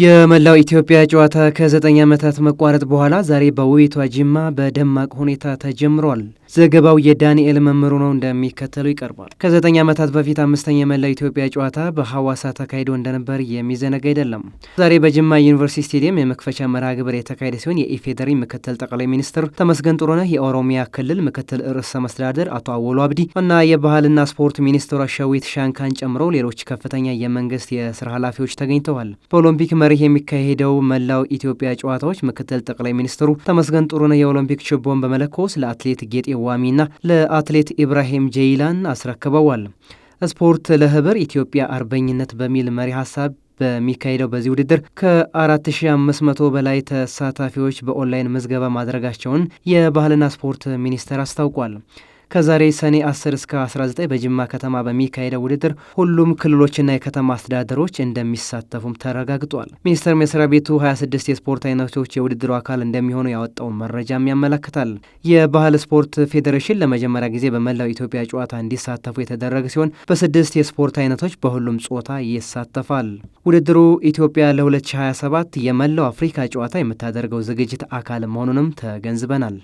የመላው ኢትዮጵያ ጨዋታ ከዘጠኝ ዓመታት መቋረጥ በኋላ ዛሬ በውቢቷ ጅማ በደማቅ ሁኔታ ተጀምሯል። ዘገባው የዳንኤል መምሩ ነው እንደሚከተለው ይቀርባል። ከዘጠኝ ዓመታት በፊት አምስተኛ የመላው ኢትዮጵያ ጨዋታ በሐዋሳ ተካሂዶ እንደነበር የሚዘነጋ አይደለም። ዛሬ በጅማ ዩኒቨርሲቲ ስቴዲየም የመክፈቻ መርሃ ግብር የተካሄደ ሲሆን የኢፌዴሪ ምክትል ጠቅላይ ሚኒስትር ተመስገን ጥሩነህ፣ የኦሮሚያ ክልል ምክትል ርዕሰ መስተዳደር አቶ አወሎ አብዲ እና የባህልና ስፖርት ሚኒስትሯ ሸዊት ሻንካን ጨምሮ ሌሎች ከፍተኛ የመንግስት የስራ ኃላፊዎች ተገኝተዋል። በኦሎምፒክ መሪህ የሚካሄደው መላው ኢትዮጵያ ጨዋታዎች ምክትል ጠቅላይ ሚኒስትሩ ተመስገን ጥሩነህ የኦሎምፒክ ችቦን በመለኮስ ለአትሌት ጌጤ ዋሚና ለአትሌት ኢብራሂም ጀይላን አስረክበዋል። ስፖርት ለህብር ኢትዮጵያ አርበኝነት በሚል መሪ ሀሳብ በሚካሄደው በዚህ ውድድር ከ4500 በላይ ተሳታፊዎች በኦንላይን ምዝገባ ማድረጋቸውን የባህልና ስፖርት ሚኒስቴር አስታውቋል። ከዛሬ ሰኔ 10 እስከ 19 በጅማ ከተማ በሚካሄደው ውድድር ሁሉም ክልሎችና የከተማ አስተዳደሮች እንደሚሳተፉም ተረጋግጧል። ሚኒስቴር መስሪያ ቤቱ 26 የስፖርት አይነቶች የውድድሩ አካል እንደሚሆኑ ያወጣውን መረጃም ያመለክታል። የባህል ስፖርት ፌዴሬሽን ለመጀመሪያ ጊዜ በመላው ኢትዮጵያ ጨዋታ እንዲሳተፉ የተደረገ ሲሆን በስድስት የስፖርት አይነቶች በሁሉም ጾታ ይሳተፋል። ውድድሩ ኢትዮጵያ ለ2027 የመላው አፍሪካ ጨዋታ የምታደርገው ዝግጅት አካል መሆኑንም ተገንዝበናል።